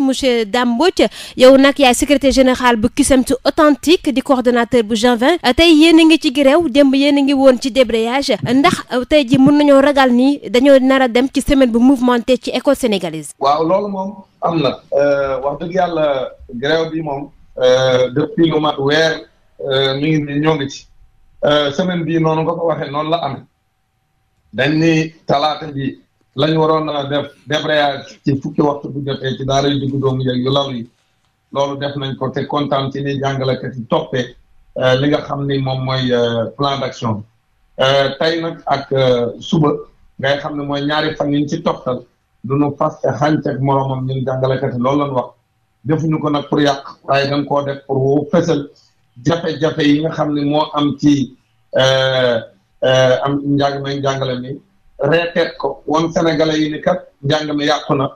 monsieur Dame Mbodj yow nag yaay secrétaire général bu Cusems authentique di coordonnateur bu Jean 20 tey yéen ngi ci grève démb yéen a ngi woon ci débrayage ndax tey ji mën nañoo ragal nii dañoo nar a dem ci semaine bu mouvementée ci école sénégalaise. waaw loolu moom am na. Euh, wax dëgg yàlla grève bi moom. Euh, depuis lu mat weer ñu euh, ngi nii ñoo ngi ci. semaine bii noonu nga ko waxee noonu la amee. dañ ni talaata bi lañ waroon a euh, def débrayage ci fukki waxtu bu jotee ci daara yu diggu doomu yeeg yu law loolu def nañ ko te kontaan ci ni jàngalekat yi toppee euh, li nga xam ni moom mooy euh, plan d'action tey nag ak suba ngay xam ne mooy ñaari fan yi ci toftal du nu fas te xànceeg moromam ñun jàngalekat yi loolu lañ wax ñu ko nag pour yàq waaye dañ koo def pour wow fësal jafe-jafe yi nga xam ne moo am ci am njàng jàngale njàngale reeteet ko won sénégalais yi ni kat njàng mi yàqu na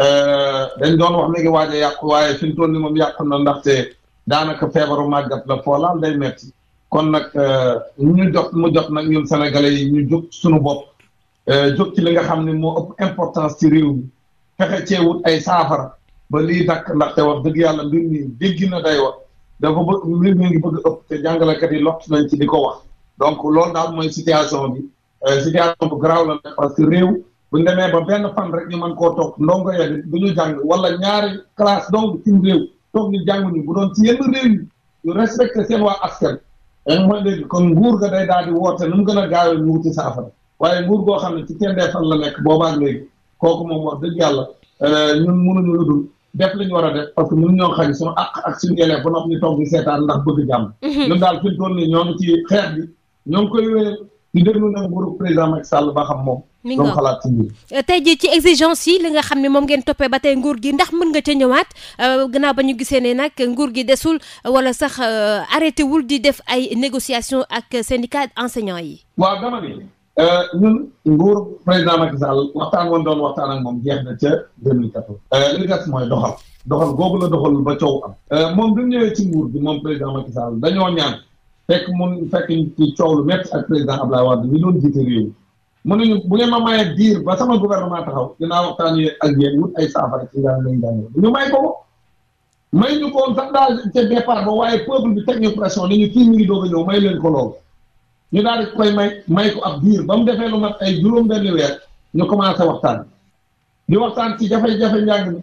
euh, dañ doon wax mi ngi yàqu waaye fi mu toll ni moom yàqu na ndaxte daanaka feebaru màggat la foolaal day metti kon nag mu euh, jot mu jot nag ñun sénégalais yi ñu jóg suñu bopp euh, jóg ci li nga xam ne moo ëpp importance ci réew mi fexe ay saafara ba lii dakk ndaxte wax dëgg yàlla bi mi dégg na day wax dafa bëgg mu mi ngi bëgg ëpp te jàngalekat yi lott nañ ci di ko wax donc loolu daal mooy situation bi Euh, situation bu garaaw la ne parce que réew bu ñu demee ba benn fan rek ñu mën koo toog ndongo ya du ñu jàng wala ñaari classe donc ci réew toog ñu jàng bu doon ci yenn réew yi ñu respecté seen euh, kon nguur ga day daal di woote nu mu gën a gaawee ñu waaye nguur koo xam ne ci tendee fan la nekk boobaa léegi kooku moom wax dëgg yàlla euh, ñun mënuñu lu def li ñu war a def parce que mënu ñoo xañ suñu àq ak suñu yelleef ba noppi ñu toog seetaan ndax bëgg jàmm. ñun daal fi mu nii ñoo ci xeex bi ñoo koy wéyal ñu déglu na nguuru président Macky Sall ba xam moom. mi ngi euh, tey ji ci exigence yi li nga xam ne moom ngeen toppee ba tey nguur gi ndax mën nga ca ñëwaat euh, gannaaw ba ñu gisee ne nag nguur gi desul wala sax euh, arrêté wul di def ay négociation ak syndicat enseignants yi. waaw dama ne ñun nguur président Macky Sall waxtaan woon doon waxtaan ak moom jeex na ca 2014. li des mooy doxal. doxal googu la doxal ba coow am. moom bi ñëwee ci nguur gi moom président Macky fekk mun fekk ci coow lu métti ak président Ablaye Wade mi doon jiite réew mi mënuñu bu ngeen ma mayee diir ba sama gouvernement taxaw dinaa waxtaan ak yéen wut ay saafara ci daan lañ ñu may ko may ñu ko woon sax daal ca départ ba waaye peuple bi teg ñu pression ni ñu kii mi ngi doog a ñëw may leen ko lool ñu daal di koy may may ko ab diir ba mu defee lu mat ay juróom-benn weer ñu commencé waxtaan di waxtaan ci jafe-jafe njàng mi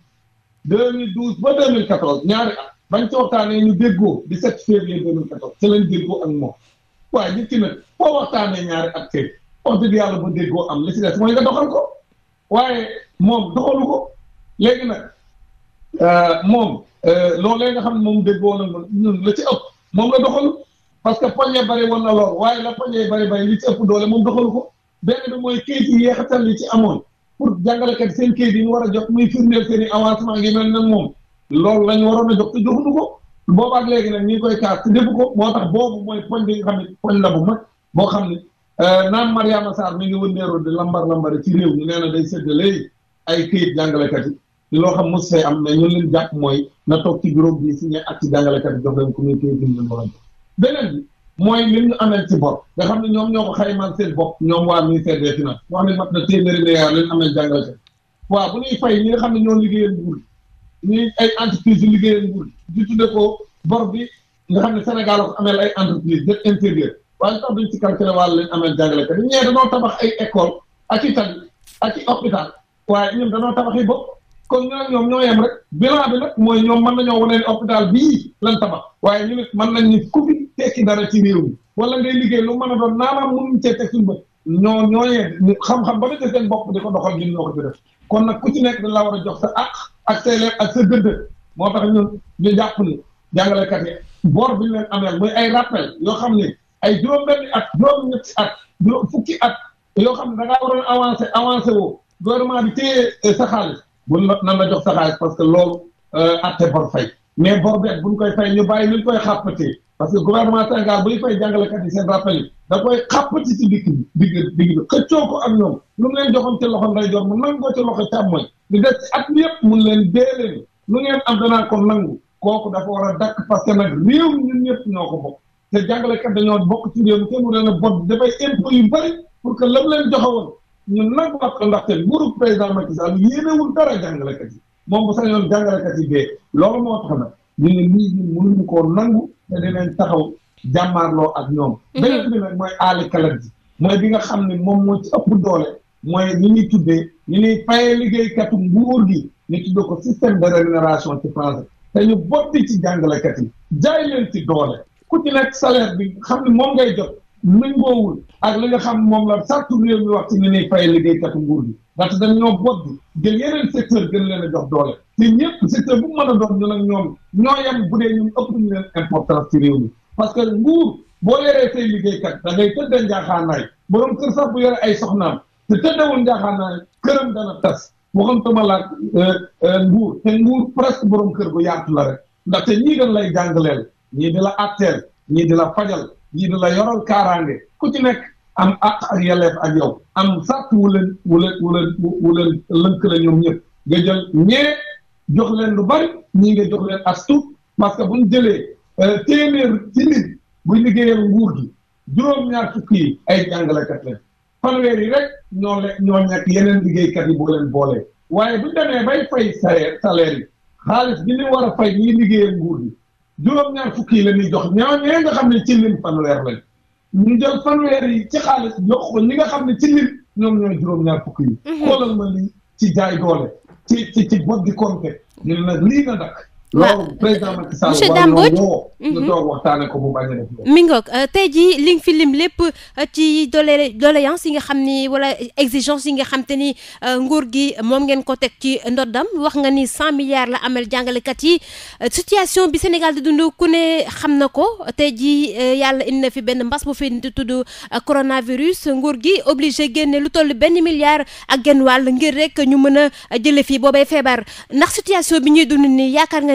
2012 ba 2014 ñaari at bañ ci waxtaanee ñu déggoo 17 février 2014 ci lañ déggoo ak moom waaye nit ki nag foo waxtaanee ñaari ak tey wax dëgg yàlla ba déggoo am li si des mooy nga doxal ko waaye moom doxalu ko léegi nag euh, moom euh, loolee nga xam ne moom déggoo na ñun la ci ëpp moom la doxalu parce que poñe bari woon na lool waaye la poñe bari bari li ci ëpp doole moom doxalu ko benn bi mooy kayit yi yeexatal li ci amoon pour jàngalekat seen kayit yi mu war a jot muy firndeel seen i avancement ngi mel nag moom. loolu lañu waroon a jox te joxuñu ko boobaak léegi nag ñi koy kaas te defu ko moo tax boobu mooy poñ bi nga xam ne poñ la bu mag boo xam ne euh, naan Mariama Sarr mi ngi wëndeeroo di lambar lambari ci réew mi nee na day séddale ay këyit jàngalekat yi loo xam mos fay am mais ñun mooy na toog ci bureau bi signé ak ci jàngalekat yi jox ko muy këyit yi ñu leen nga xam ne ñoom ñoo ko ñoom waa ministère des finances wax ne mat na téeméeri milliards leen amel jàngalekat waaw bu ñuy fay nga xam ne ñoo liggéeyal ñuy ay entreprise yu liggéeyal nguur di tudde ko bor bi nga xam ne Sénégal amee ameel ay entreprise dette intérieure waaye tax duñ ci calculé wàll leen ameel jàngalekat yi ñee danoo tabax ay école ak i tali ak i hôpital waaye ñun danoo tabax yi bopp kon ñu ñoom ñoo yem rek bilan bi nag mooy ñoom mën nañoo wane ne hôpital lan tabax waaye ñu mën nañ ni ku fi tekki dara ci réew mi wala ngay liggéey lu a doon naanaam mënuñ cee teg suñu ñoo ñooyee xam-xam ba mu seen bopp di ko doxal ñun ñoo ko fi def kon nag ku ci nekk dañ la war a jox sa àq ak say ak sa moo tax ñun ñu jàpp ni jàngalekat yi boor bi ñu leen amee muy ay rappel yoo xam ne ay juróom-benni at juróom-ñetti at juróom fukki at yoo xam ne da ngaa waroon avancé avancé woo gouvernement bi téye eh, sa xaalis buñ la nan la jox sa xaalis parce que loolu eh, atte bor fay mais bor beeg buñ koy fay ñu bàyyi ñu koy xàppatee parce que gouvernement Sénégal buy fay jàngalekat yi seen rappel da koy xàppati ci digg bi digg digg bi xëccoo ko ak ñoom lu mu leen joxoon ci loxo ndeyjoor mu nangoo ci loxo càmmoñ di def ci at bi yëpp dee leen lu ngeen am danaa ko nangu kooku dafa war a dakk parce que nag réew ñun ñëpp ñoo ko bokk te jàngalekat dañoo bokk ci réew mi te mu leen a bot dafay impôt yu bëri pour que lam leen joxewoon ñun nanguwaat ko ndaxte nguuru président Macky Sall yéenewul dara jàngalekat yi moom bu sañoon jàngalekat yi dee loolu moo tax nag ñu ne jàmmaarloo ak ñoom. Mhm. beneen bi mooy aali kalat ji mooy bi nga xam ne moom moo ci ëpp doole mooy ni ñuy tuddee ni ñuy fayee liggéeykatu nguur gi ñu tuddee ko système de rémunération ci français te ñu botti ci jàngalekat yi jaay leen ci doole ku ci nekk salaire bi xam ne moom ngay jot méngoowul ak li nga xam moom la sartu réew mi wax ci ni ñuy fayee liggéeykatu nguur gi ndaxte dañ ñoo botti jël yeneen secteur gën leen a jox doole te ñëpp secteur bu mu mën a doon ñu bu dee ñu leen importance ci réew mi. parce que nguur boo yoree say liggéeykat da ngay tëdd njaaxaanaay borom kër sax bu yore ay soxnaam te tëddawul njaaxaanaay këram dana tas waxantuma laak euh, euh, nguur te nguur presque borom kër bu yaatu la rek ndaxte ñii dañ lay jàngaleel ñii di la atteel ñii di la fajal ñii di la yoral kaaraange ku ci nekk am àq ak yelleef ak yow am sàtt wu leen wu leen wu leen wu leen ñëpp nga jël jox leen lu bari ñii nga jox leen as tuut parce que bu ñu jëlee Euh, téeméer ci nit buy liggéeyal gi juróom-ñaar fukk ay jàngalekat lañ fanweer yi rek ñoo le ñoo nekk yeneen liggéeykat yi boo leen boolee waaye bu demee bay fay salaire salaire yi xaalis bi ñu war a fay ñuy liggéeyal nguur gi juróom-ñaar fukk yi la ñuy jox ñooñee nga xam ne ci lim fanweer lañ ñu jël fanweer yi ci xaalis jox ko nga xam ne ci ñoom ñooy juróom-ñaar fukk yi. Mhm. xoolal ma lii ci jaay doole ci ci ci bopp di compter ñu ne nag na dakk loolu président Macky mhm. mi ngoog euh, tey jii li nga fi lim lépp euh, ci dolé doléance yi nga xam ni wala exigence yi nga xam te ni euh, nguur gi moom ngeen ko teg ci ndoddam wax nga ni cent la amal jàngalekat yi situation bi Sénégal di dund ku ne xam na ko tey jii yàlla indi na fi benn mbas bu fi di tudd coronavirus nguur gi obligé génne lu toll benn milliard ak genn wàll ngir rek ñu mën a jële fii boobay feebar ndax situation bi ñuy dund ni yaakaar nga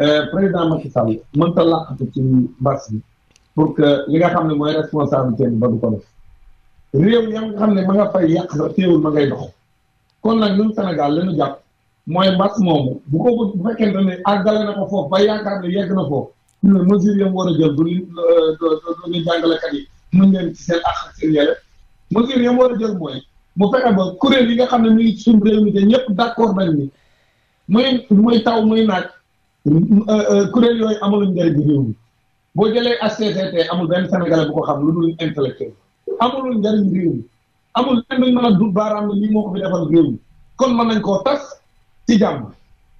Euh, président Macky Sall mënta làqatu ci mbas bi pour que li nga xam ne mooy responsabilité bi ba du ko def réew ya nga xam ne ma nga fay yàq sa téewul ma ngay dox kon nag ñun Sénégal lañu jàpp mooy mbas moomu bu ko bu fekkente ne àggale na ko foofu ba yaakaar ne yegg na foofu ñu ne mesure yam war a jël du li du li jàngalekat yi mën leen ci seen a jël mooy mu fexe ba kuréel nga xam ne ñu ngi suñu réew ñëpp d'accord nañ ni muy muy taw muy naaj Euh, euh, kuréel yooyu amaluñ njëriñ réew mi boo jëlee HCCT amul benn Sénégalais bu ko xam lu dul intellectuel amulul njëriñ réew mi amul lenn luñ mën a dut baaraam ne lii moo ko fi defal réew mi kon mën nañ koo tas ci jàmm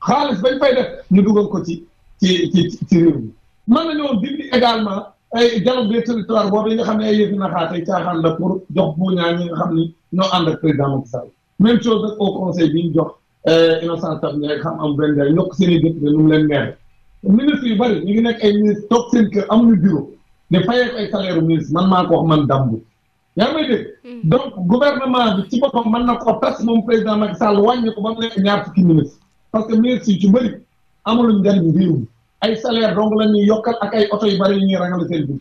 xaalis bañ fay def ñu dugal ko ci ci ci ci réew mi mën nañoo dindi également ay dialogue des boobu yi nga xam ne ay yëfi naxaatay caaxaan nga xam ni ñoo ànd ak président Macky Sall même chose ak conseil bi jox Euh, innocent sax nga xam am benn benn ñokk seen i dëkk nu mu leen neexee ministre yu bëri ñu ngi nekk ay ministre toog seen kër amuñu bureau ne fayee ko ay salaire ministre man maa ko man dambu yaa ngi may dégg hmm. donc gouvernement bi ci boppam mën na koo tas moom président Macky Sall wàññi ko ba mu nekk ñaar fukki ministre parce que ministre yi ci bëri amuluñ njariñ réew mi ay salaire donc la ñuy yokkal ak ay oto yu bëri yu ñuy rangale seen biir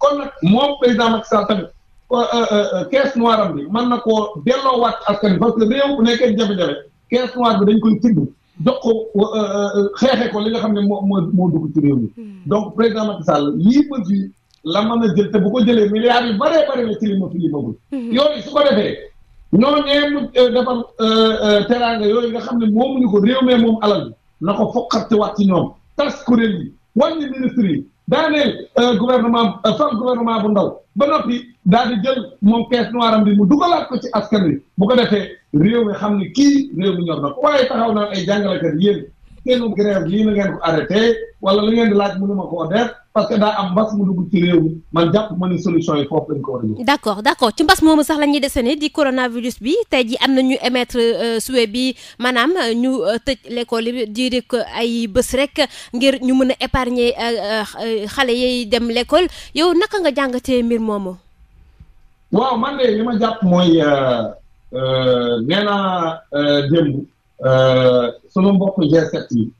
kon nag moom président Macky Sall tamit euh, euh, caisse am bi mën na koo delloowaat askan parce que réew bu nekkee jafe-jafe kees noire bi dañ koy tëdd jox ko euh, euh, xeexee ko li nga xam ne moo moo moo dugg ci réew mi hmm. donc président Macky Sall lii ma fi la mën a jël te bu ko jëlee milliards yu bare bëri la ci li ma fi li yooyu su ko defee ñoo ñeen euh, defar teraanga yooyu nga xam ne moo moomuñu ko réew mee moom alal bi na ko foqartiwaat ci ñoom tas kuréel yi wàññi ministre yi daaneel euh, gouvernement euh, fal gouvernement bu ndaw ba noppi daal di jël moom caisse noire am bi mu dugalaat ko ci askan wi bu ko defee réew mi xam ni kii réew mi ñor na ko waaye taxaw naan ay jàngalekat yéen seenu grève lii na ngeen ko arrêté wala lu ngeen di laaj mënuma koo def parce que daa am mbas mu dugg ci réew man jàpp ma ne solution yi foofu lañ ko war a jóg. d' accord d' accord ci mbas moomu sax la ñuy desene di coronavirus bi tey ji am na ñu émettre euh, souhait bi maanaam euh, ñu euh, tëj lekkool yi di rek ay bës rek ngir ñu mën a épargner xale yi dem lekkool yow naka nga jàng jàngatee mbir moomu. waaw man de li ma jàpp mooy nee naa démb sunu mbokk G7 yi.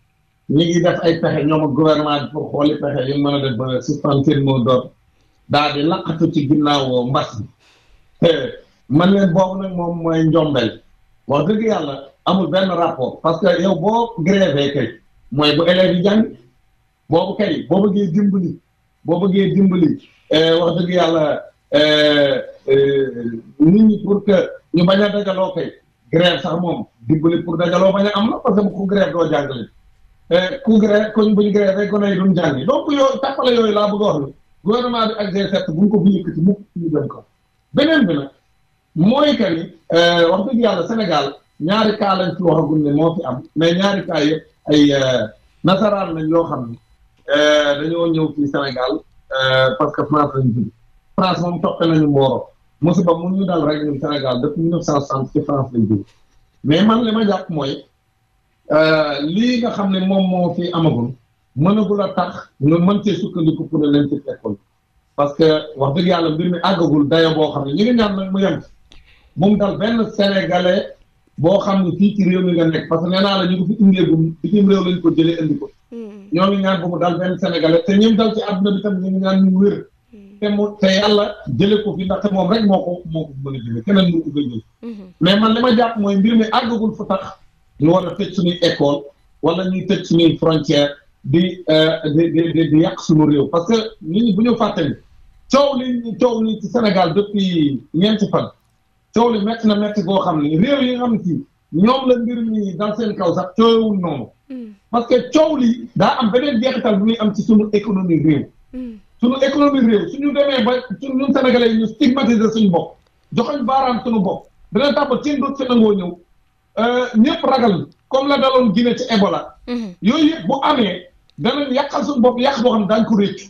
ñi ngi def ay pexe ñoom ak gouvernement xooli pexe yi mën a def ba suspendre seen mot d'ordre daal di ci ginnaaw mbas bi te man boobu nag moom mooy njombel wax dëgg yàlla amul benn rapport parce que yow boo grévé kay mooy bu élèves yi jàng boobu kay boo bëggee dimbali boo bëggee dimbali eh, wax dëgg yàlla eh, eh, nit ñi pour que ñu bañ a dajaloo kay grève sax moom dimbali pour dajaloo bañ a am la parce que bu ko grève doo jàngale Eh, ku gré koñ buñ grévé gone yi duñ jàngi donc yooyu tàppale yooyu laa bëgg wax ne gouvernement bi ak G7 buñ ko fi ko beneen bi mooy que ni eh, wax dëgg yàlla ñaari cas moo fi am mais ñaari cas yëpp ay eh, nasaraan lañ yoo xam ne dañoo ñëw fii Sénégal parce que France lañ jóg France moom toppe nañu Mboro musiba mu ñu dal rek ñun Sénégal depuis 1960 ci France lañ jóg mais man li ma jàpp mooy. Euh, lii nga xam ne moom moo fi amagul mënagul a tax nga mën cee sukkandiku pour ne leen ci tekkul parce que wax dëgg yàlla mbir mi àggagul dayo boo xam ne ñu ngi ñaan nag mu yem mu ngi dal boo xam ne fii ci réew mi parce que nee naa la ngi fi ko jëlee indi ko hmm. ñaan bu mu dal benn sénégalais te ñim dal ci àdduna bi tam ñu ngi ñaan ñu wér hmm. te mu te yàlla jële ko fi ndaxte moom rek moo ko moo ko mën a jëlee keneen mu ko jël hmm. mais man li ma jàpp mooy mbir mi àggagul fu tax ñu war a tëj suñuy école wala ñuy tëj suñuy frontière di euh, di di di yàq suñu réew parce que ni bu ñu fàttali coow li coow li ci Sénégal depuis ñeenti fan coow li metti na métti koo xam ne réew yi nga xam ci ñoom la mbir mi dal seen kaw sax coowul noonu mm. parce que coow li daa am beneen jeexital bu muy am ci suñu économie réew mm. suñu économie réew ñu demee ba ñun Sénégalais yi ñu stigmatiser suñu bopp joxoñ baaraam suñu bopp dana tax ba kenn doot fi nangoo ñëw Euh, ñëpp ragal comme la daloon Guinée ci Ebola. Mhm. yooyu yëpp bu amee danañ yàqal suñu bopp yàq boo xam ne daañu ko rëcc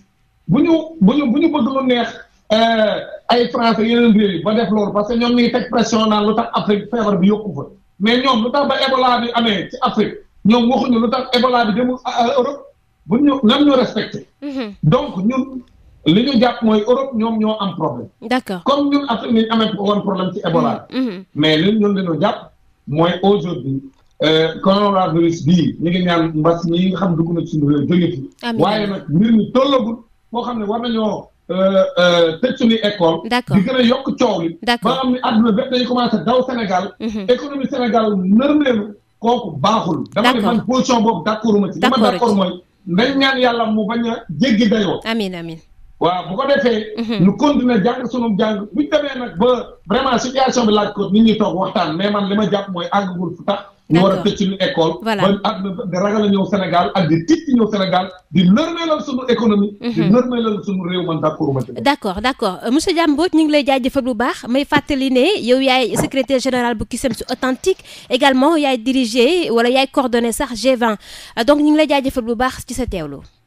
bu ñu bu ñu bu ñu bëgg lu neex euh, ay français yeneen réew yi ba def loolu parce que ñoom ñuy teg pression naan lu tax Afrique feebar bi yokku fa mais ñoom lu tax ba Ebola bi amee ci Afrique ñoom waxuñu lu tax Ebola bi demul euh, Europe bu ñu nan ñu respecté. Mhm. donc ñun li ñu jàpp mooy Europe ñoom ñoo am problème. d'accord comme ñun Afrique ni ñu amee problème ci Ebola. Mhm. mais mooy bi aujourd'hui coronavirus euh, bii ñu ngi ñaan mbas mi nga xam dugg na ci suñu jóge fi waaye nag mbir mi tollagul foo xam ne war nañoo euh, euh, tëj suñuy école di gën a yokk coow li ba nga xam ne àdduna bépp dañu commencé daw Sénégal mhm. économie Sénégal nërmeelu kooku baaxul dama ne man position boobu d'accord ma ci dama d'accord mooy ndañ ñaan yàlla mu bañ a jéggi dayoo amiin amiin waaw bu ko defee. Mhm. ñu continuer jàng sunum jàng bu ñu demee nag ba vraiment bi toog waxtaan mais li ma jàpp mooy àggagul fu tax. ñu war a tëj suñu école. voilà ba àdduna di ragal a ñëw Sénégal ak di tiit ci ñëw Sénégal di nërmeelal suñu économie. Mhm. di nërmeelal suñu réew man d'accord ma ci. d'accord d'accord euh, monsieur Dia Mbodj ñu ngi lay jaajëfal bu baax may fàttali ne yow yaay secrétaire général bu si authentique également yaay diriger wala yaay coordonné sax G20 euh, donc ñu ngi lay jaajëfal bu baax ci sa teewlu.